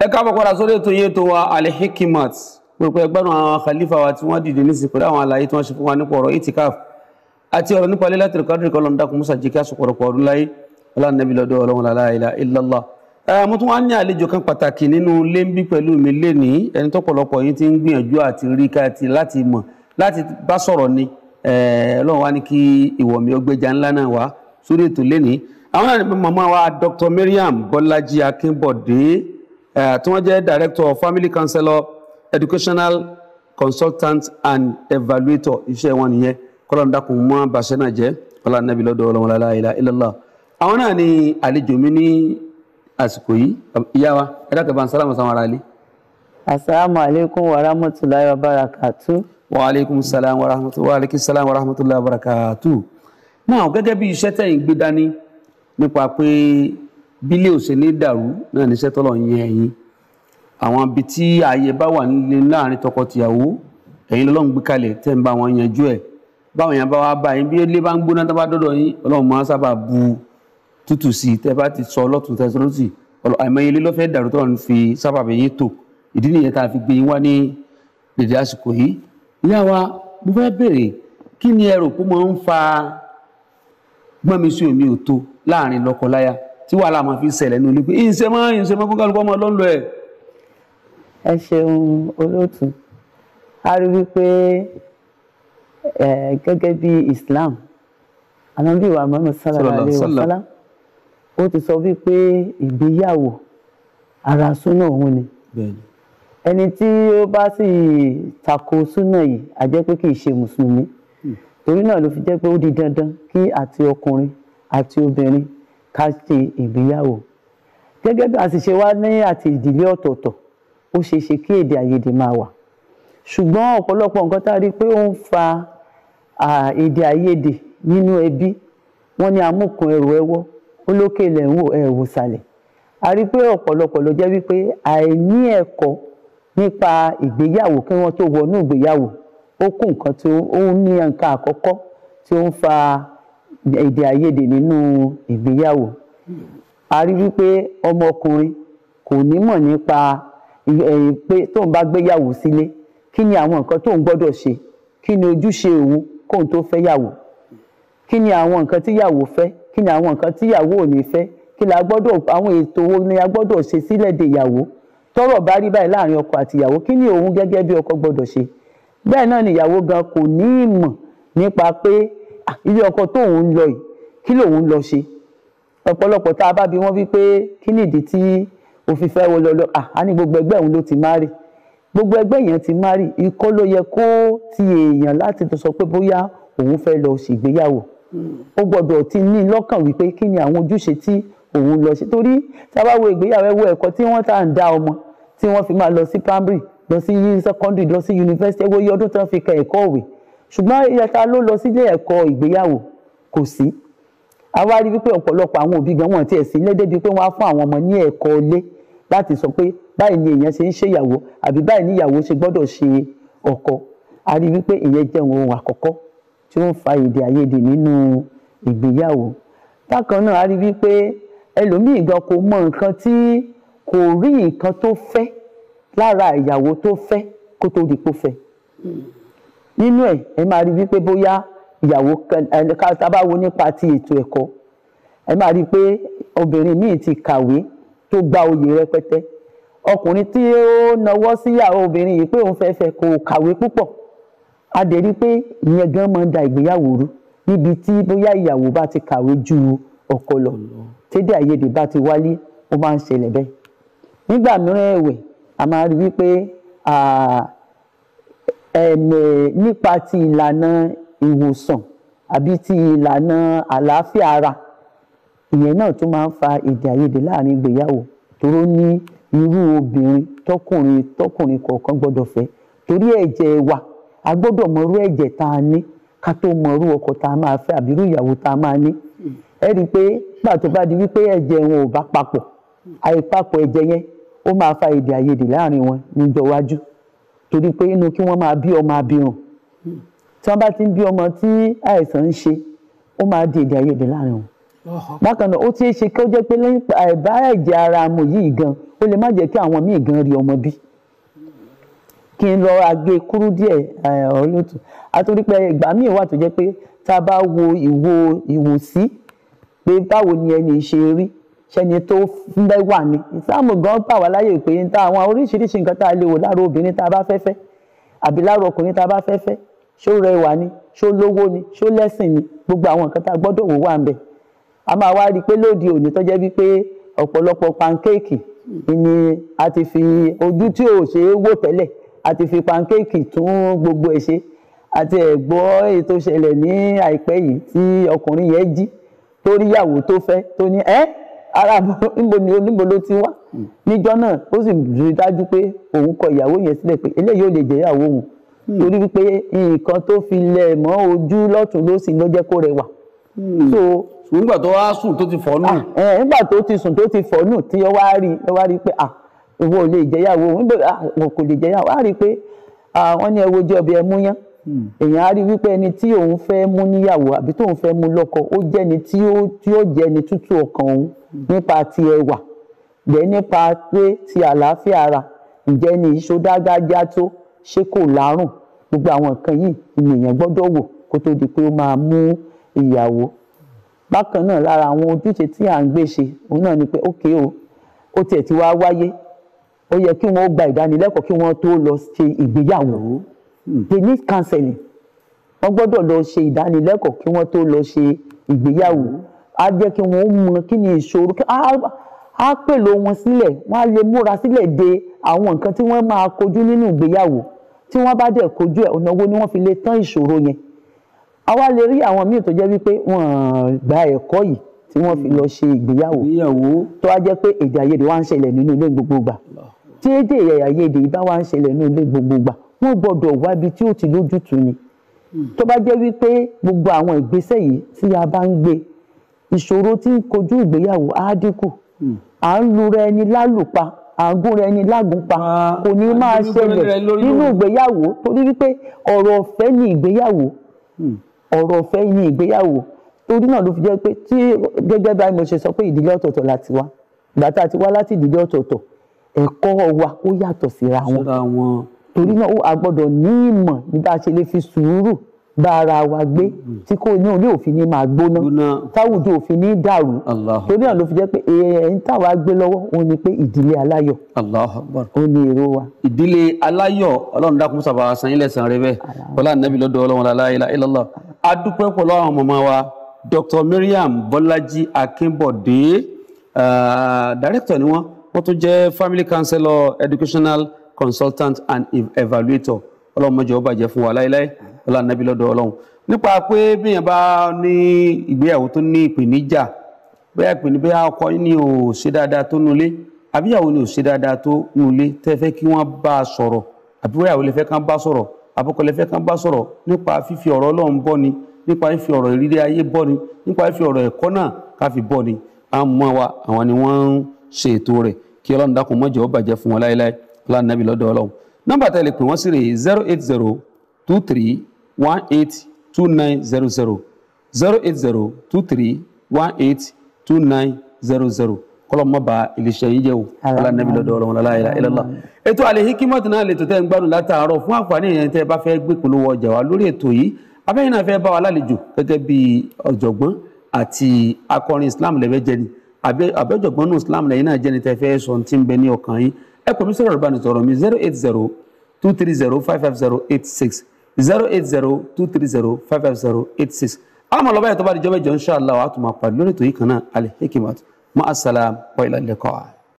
ẹ káàbọ̀ padà sórí ètò yìí tó wa Al-Hikmat pẹ̀lú ẹgbẹ́rún àwọn khalifa wa tí wọ́n dìde ní ìsìnkú àwọn àlàyé tí wọ́n ṣe fún wa nípa ọ̀rọ̀ itikaf àti ọ̀rọ̀ nípa Lailatul Qadr kọ́ lọ́n dákun musa jẹ́kí àsopọ̀rọ̀pọ̀ ọdún láyé ọlọ́nàbí lọ́dọ̀ ọlọ́run la ilaha illallah. mo tún wá ní àlejò kan pàtàkì nínú lẹ́ńbí pẹ̀lú mi lẹ́ni ẹni tọ́pọ̀lọpọ̀ yín ti ń gbìyànjú àti rí káàtì láti mọ̀ láti bá sọ̀rọ̀ ni ọlọ́run wá ní kí ìwọ̀mí ọgbẹ́jà ńlá náà wá sórí ètò lẹ́ni. àwọn àmọ́ wa Dr. Mariam Bọ́lájí Akínbọ̀dé Eh, tí wọ́n jẹ́ director family counselor educational consultant and evaluator iṣẹ́ wọn nìyẹn kọ́lọ́n dákun mọ́ bàṣẹ́ náà jẹ́ kọ́lọ́n nàbí lọ́dọ̀ ọlọ́run lálá ilá ilọ́lá àwọn náà ni àlejò mi ní àsìkò yìí ìyá wa ẹ dákẹ́ bá ń sálámù sáwọn ará ilé. asalaamu wa rahmatulahi wa barakatu. wa aleykum salaam wa rahmatulahi wa aleykum salaam wa rahmatulahi wa barakatu. náà gẹ́gẹ́ bí iṣẹ́ tẹ̀yìn gbé dání nípa pé bílé òsè ní dàrú náà ní sẹ́tọ́lọ̀ ń yẹn ẹ̀yìn àwọn ibi tí ààyè bá wà nílé láàrin tọkọtìyàwó ẹ̀yin lọ́lọ́run gbé kalẹ̀ tẹ́ ń bá wọn yanjú ẹ̀ báwọn yẹn bá wá bá yín bí ilé bá ń gbóná tó bá dọ́dọ̀ yín ọlọ́run máa sábà bu tútù sí i tẹ́ bá ti sọ ọlọ́tún tẹ́ sọ́dọ̀ sí àìmọye ilé lọ́fẹ́ dàrú tọ́lọ́run fi sábà bẹ̀ yín tò ìdí nìyẹn tá a fi gbé yín wá ní dèdè àsìkò yìí ìyá wa mo fẹ́ bèrè kí ni ẹ rò pé mo ń fa gbọ́nmi sí omi ò tó láàrin lọ́kọ láya tí wàhálà máa fi ṣẹlẹ̀ ní olú pé ìṣe mọ́ ìṣe mọ́ kókàlùkọ́ ọmọ lọ́nlọ́ ẹ̀. ẹ ṣeun olóòtú a rí wípé gẹ́gẹ́ bí Islam Ànábì wa Muhammad sallallahu alaihi wasallam ó ti sọ wípé ìgbéyàwó ara súnà òun ni ẹni tí ó bá sì tako súnà yìí a jẹ́ pé kì í ṣe mùsùlùmí hmm. torí náà ló fi jẹ́ pé ó di dandan kí àti ọkùnrin àti obìnrin ká ṣe ìgbéyàwó gẹ́gẹ́ bí a sì ṣe wá ní àti ìdílé ọ̀tọ̀ọ̀tọ̀ ó ṣeé ṣe kí èdè àìyedè máa wà ṣùgbọ́n ọ̀pọ̀lọpọ̀ nǹkan tá a rí i pé ó ń fa èdè àìyedè nínú ẹbí wọ́n ní amúkun ẹrù ẹwọ́ ó lókè ilẹ̀ ń wò ẹ̀wò sàlẹ̀ a rí i pé ọ̀pọ̀lọpọ̀ ló jẹ́ wípé àìní ẹ̀kọ́ nípa ìgbéyàwó kí wọ́n tó wọnú ìgbéyàwó ó kú nǹkan tí ó ń ní nǹkan àkọ́kọ́ tí ó ń fa èdè àìyedè nínú ìgbéyàwó a rí wípé ọmọkùnrin kò ní mọ̀ nípa pé tóun bá gbéyàwó sílé kí ni àwọn nǹkan tóun gbọ́dọ̀ ṣe kí ni ojúṣe òun kóun tó fẹ́yàwó kí ni àwọn nǹkan tíyàwó fẹ́ kí ni àwọn nǹkan tíyàwó ò ní fẹ́ kí la gbọ́dọ̀ àwọn ètò wo ni a gbọ́dọ̀ ṣe sílẹ̀ de ìyàwó tọ́rọ̀ bá rí báyìí láàrin ọkọ àti ìyàwó kí ni òun gẹ́gẹ́ bí ọkọ gbọ́dọ̀ ṣe bẹ́ẹ̀ náà ni ìyàwó gan kò ní ìmọ̀ nípa pé ilé ọkọ tóun lọ yìí kí lòun lọ ṣe ọ̀pọ̀lọpọ̀ tá a bá bi wọ́n wípé kí ni ìdí tí ó fi fẹ́ wọlé ọlọ́ à ní gbogbo ẹgbẹ́ òun ló ti má rì gbogbo ẹgbẹ́ yẹn ti má rì ikọ́ ló yẹ kó ti èèyàn láti sọ pé bóyá òun fẹ́ lọ ṣègbéyàwó ó gbọ́dọ̀ ti ní lọ́kàn wípé kí ni àwọn ojúṣe tí òun lọ ṣe torí tá a bá wo ìgbéyàwó ẹ wo ẹ̀kọ́ tí wọ́n tá à ń dá ọmọ tí wọ́n fi máa lọ sí primary lọ sí secondary lọ sí university ẹ wo iye ọdún tí wọ́n fi ka ẹ̀kọ́ òwe ṣùgbọ́n ìyẹta ló lọ sílé ẹ̀kọ́ ìgbéyàwó kò sí àwa rí wípé ọ̀pọ̀lọpọ̀ àwọn òbí gan wọn tiẹ̀ sí lédè bíi pé wọ́n á fún àwọn ọmọ ní ẹ̀kọ́ ilé láti sọ pé báyìí ni èèyàn ṣe ń ṣèyàwó àbí báyìí ni ìyàwó ṣe gbọ́dọ̀ ṣe ọkọ a rí wípé ìyẹn jẹ́ ohun àkọ́kọ́ tí ó ń fa èdè àìyedè nínú ìgbéyàwó bákan náà a rí wípé ẹlòmíì gan kò mọ nǹkan tí kò rí nǹkan tó fẹ́ lára ìyàwó tó fẹ́ kó tó di pò fẹ́ nínú ẹ̀ ẹ máa rí wípé bóyá ìyàwó tá bá wo nípa ti ètò ẹ̀kọ́ ẹ máa rí i pé obìnrin míì ti kàwé tó gba oyè rẹpẹtẹ ọkùnrin tí ó nawọ́ síyàwó obìnrin yìí pé òun fẹ́ fẹ́ kò kàwé púpọ̀ a dẹ̀ rí i pé ìyẹn gan máa ń da ìgbéyàwó rú níbi tí bóyá ìyàwó bá ti kàwé ju ọkọ lọ tẹ́dẹ̀ àìyedè bá ti wálé ó máa ń ṣẹlẹ̀ bẹ́ẹ̀ nígbà mìíràn ẹ̀wẹ̀ a máa rí wípé ẹ̀mẹ̀ nípa ti ìlànà ìwòsàn àbí ti ìlànà àlàáfíà ara ìyẹn náà tún máa ń fa èdè àìyedè láàrin ìgbéyàwó tóró ní irú obìnrin tọkùnrin tọkùnrin kọ̀ọ̀kan gbọ́dọ̀ fẹ́ torí ẹ̀jẹ̀ wa a gbọ́dọ̀ mọrú ẹ̀jẹ̀ tá a ní ká tó mọrú ọkọ tá a máa fẹ́ àbí irú ìyàwó tá a máa ní ẹ rí i pé nígbà tó bá di wípé ẹ̀jẹ̀ wọn ò bá papọ̀ àìpapọ̀ ẹ̀jẹ̀ yẹn ó máa fa èdè àìyedè láàrin wọn níjọ́ iwájú torí pé inú kí wọ́n máa bí ọmọ abirùn tí wọ́n bá ti ń bí ọmọ tí àìsàn ń ṣe ó máa di èdè àìyedè láàrin wọn bákan náà ó ti ṣe kí ó jẹ́ pé lẹ́yìn àìbá ẹ̀jẹ̀ ara mu yìí gan ó lè má jẹ́ kí àwọn míì gan rí ọmọ bí kí n lọ agé kúrú díẹ̀ ọlọtù àtúrí pé ìgbà míì wà tó jẹ́ pé tá a bá wo ìwo ìwòsí pé báwo ni ẹni ṣe rí ṣẹni tó mẹ́wà ni ìsáàmù gan gbà wá láyè pé ń ta àwọn oríṣiríṣi nǹkan tá a lè wò lára obìnrin tá a bá fẹ́ àbí lára ọkùnrin tá a bá fẹ́ fẹ́ ṣó rẹwà ni ṣó lówó ni ṣó lẹ́sìn ni gbogbo àwọn nǹkan tá a gbọ́dọ̀ wò wà ń bẹ̀ a máa wá rí i pé lóde òní tó jẹ́ wípé ọ̀pọ̀lọpọ̀ pankéèkì ni a ti fi ojú tí ò ṣe é wò tẹ́lẹ̀ a ti fi pankéèkì tún gbogbo ẹ̀ ṣe àti ẹ̀gbọ́ ètò ìṣẹ̀lẹ̀ ní àìpẹ́ yìí tí ọkùnrin yẹn jí tó tó fẹ́ tó ní ẹ́ eh? ara níbo ni oníbo ló ti wá hmm. níjọ́ náà ó sì rí dájú pé òun kọ ìyàwó yẹn sílẹ̀ pé eléyìí ò lè jẹ́ ìyàwó òun hmm. torí wípé nǹkan tó fi lẹ̀ mọ́ ojú lọ́tún lósì ló jẹ́ kó rẹwà. Hmm. so nígbà tó wá sùn tó ti fọ́nù. Ah, eh, nígbà tó ti sùn tó ti fọ́nù tí ó wá rí ó wá rí pé ah ìwọ ò lè jẹ́yàwó òun ah, kò lè jẹ́yàwó á rí i pé wọ́n ní ẹ wojú ọbẹ̀ ẹ mú yán èèyàn á rí wípé ẹni tí òun fẹ́ mú níyàwó àbí tóun fẹ́ mú lọ́kọ ó jẹ́ni tí ó jẹ́ni tútù ọkàn òun nípa ti ẹwà dẹ̀ nípa pé ti àlàáfíà ara ǹjẹ́ ni ìṣódágájá tó ṣé kò lárùn gbogbo àwọn nǹkan yìí ènìyàn gbọ́dọ̀ wò kó tó di pé ó máa mú ìyàwó bákan náà lára àwọn ojúṣe tí à ń gbé ṣe òun náà ni pé ókè o ó tiẹ̀ ti wá wáyé ó yẹ kí wọ́n gba ìdánilẹ́kọ̀ọ́ kí wọ́n tó lọ ṣe ìgbéyàwó hmm. they need counseling wọ́n gbọ́dọ̀ lọ ṣe ìdánilẹ́kọ̀ọ́ kí wọ́n tó lọ ṣe ìgbéyàwó. Mm á jẹ́ kí wọ́n mọ kí ni ìṣòro á pèlò wọn sílẹ̀ wọ́n á lè múra sílẹ̀ de àwọn nǹkan tí wọ́n máa kojú nínú ìgbéyàwó tí wọ́n bá dẹ̀ kojú ẹ̀ ọ̀nà wo ni wọ́n fi lè tán ìṣòro yẹn àwa lè rí àwọn míì tó jẹ́ wípé wọ́n gba ẹ̀kọ́ yìí tí wọ́n fi lọ ṣe ìgbéyàwó tó wá jẹ́ pé èdè àìyedè wá ń ṣẹlẹ̀ nínú ilé gbogbo gbà tí èdè àìyedè bá wá ń ṣẹlẹ̀ nínú ilé gbogbo gbà wọ́n gbọ́dọ̀ wá ibi tí ó ti lójútùú ni hmm. tó bá jẹ́ wípé gbogbo àwọn ìgbésẹ̀ yìí tí a bá ń gbé ìṣòro tí ń kojú ìgbéyàwó á dínkù hmm. à ń lura ẹni lálùpa à ń gúnra ẹni lágùnpa kò ní máa ṣẹlẹ̀ nínú ìgbéyàwó torí wípé ọ̀rọ̀ ọ̀fẹ́ ni ìgbéyàwó hmm. ọ̀rọ̀ ọ̀fẹ́ ni ìgbéyàwó torí náà ló fi jẹ́ pé tí gẹ́gẹ́ báyìí mo ṣe sọ pé ìdílé ọ̀tọ̀ọ̀tọ̀ láti wá ìgbà tá a ti wá láti ìdílé ọ̀tọ̀ọ̀tọ̀ ẹ̀kọ́ wa ó yàtọ̀ síra wọn torí náà a gbọ́dọ̀ ní ìmọ̀ nígbà ṣe lè fi sùúrù bá ara wa gbé tí kò ní orí òfin ní máa gbóná táwùjọ òfin ní dàrú torí náà ló fi jẹ́ pé ẹ̀yìn táwa gbé lọ́wọ́ òun ni pé ìdílé aláyọ̀ òun ni èrò wa. ìdílé aláyọ̀ ọlọ́run dákun sábà san ilẹ̀ san rẹ bẹ́ẹ̀ bọ́lá nàbí lọ́dọ̀ ọlọ́run la ilaha illallah adúpẹ́ pẹ̀lú àwọn màmá wa Dr. Miriam Bọ́lájí Akínbọ̀dé uh, director ni wọ́n wọ́n tún jẹ́ family counselor educational consultant and evaluator ọlọ́run mọ́jọ́ ó bàjẹ́ fún wa láéláé ọlá nàbí lọ́dọ̀ ọlọ́run nípa pé bíyàn bá ní ìgbéyàwó tó ní ìpèníjà bẹ́ẹ̀ pè ní bẹ́ẹ̀ ọkọ ní ò ṣe dáadáa tó nulé àbíyàwó ní ò ṣe dáadáa tó nulé tẹ́ fẹ́ kí wọ́n bá a sọ̀rọ̀ àbíwáyàwó lè fẹ́ kán bá sọ̀rọ̀ àbúkọ lè fẹ́ kán bá sọ̀rọ̀ nípa fífi ọ̀rọ̀ ọlọ́run bọ́ ni nípa fífi ọ̀rọ̀ ìrírí ayé bọ́ ni nípa fífi ọ̀rọ̀ ẹ̀kọ́ náà ká fi bọ́ ni àwọn ọmọ wa àwọn ni wọ́n ń ṣe ètò rẹ̀ kí ọlọ́run dákun má zero eight zero two three one eight two nine zero zero zero eight zero two three one eight two nine zero zero kọlọmọ bá iléeṣẹ́ yín jẹ́ o ọlá nàbí lọ́dọ̀ ọlọmọ lọlá ilà ilàlá ètò Al-Hikmat náà lè tó tẹ ń gbádùn látàárọ̀ fún àǹfààní yẹn tẹ bá fẹ́ gbé polówó ọjà wa lórí ètò yìí abẹ́yìn náà fẹ́ bá wa lálejò gẹ́gẹ́ bí Islam lẹ́fẹ́ jẹni àbẹ́jọ̀gbọ́n nù Islam lẹ́yìn náà jẹni tẹ fẹ́ sọ ti ń bẹ ní ọkàn yín ẹ pẹ̀lú sọ̀rọ̀ mi zero eight zero two three zero five five zero eight six zero eight zero two three zero five five zero eight six àmọ́ lọ́ba yẹn tó bá di jọ́bẹ̀jọ́ insha Allah wa àtùmọ̀ pàdé lórí ètò yìí kan náà Al Hikmat ma'as salam wa ila liqa.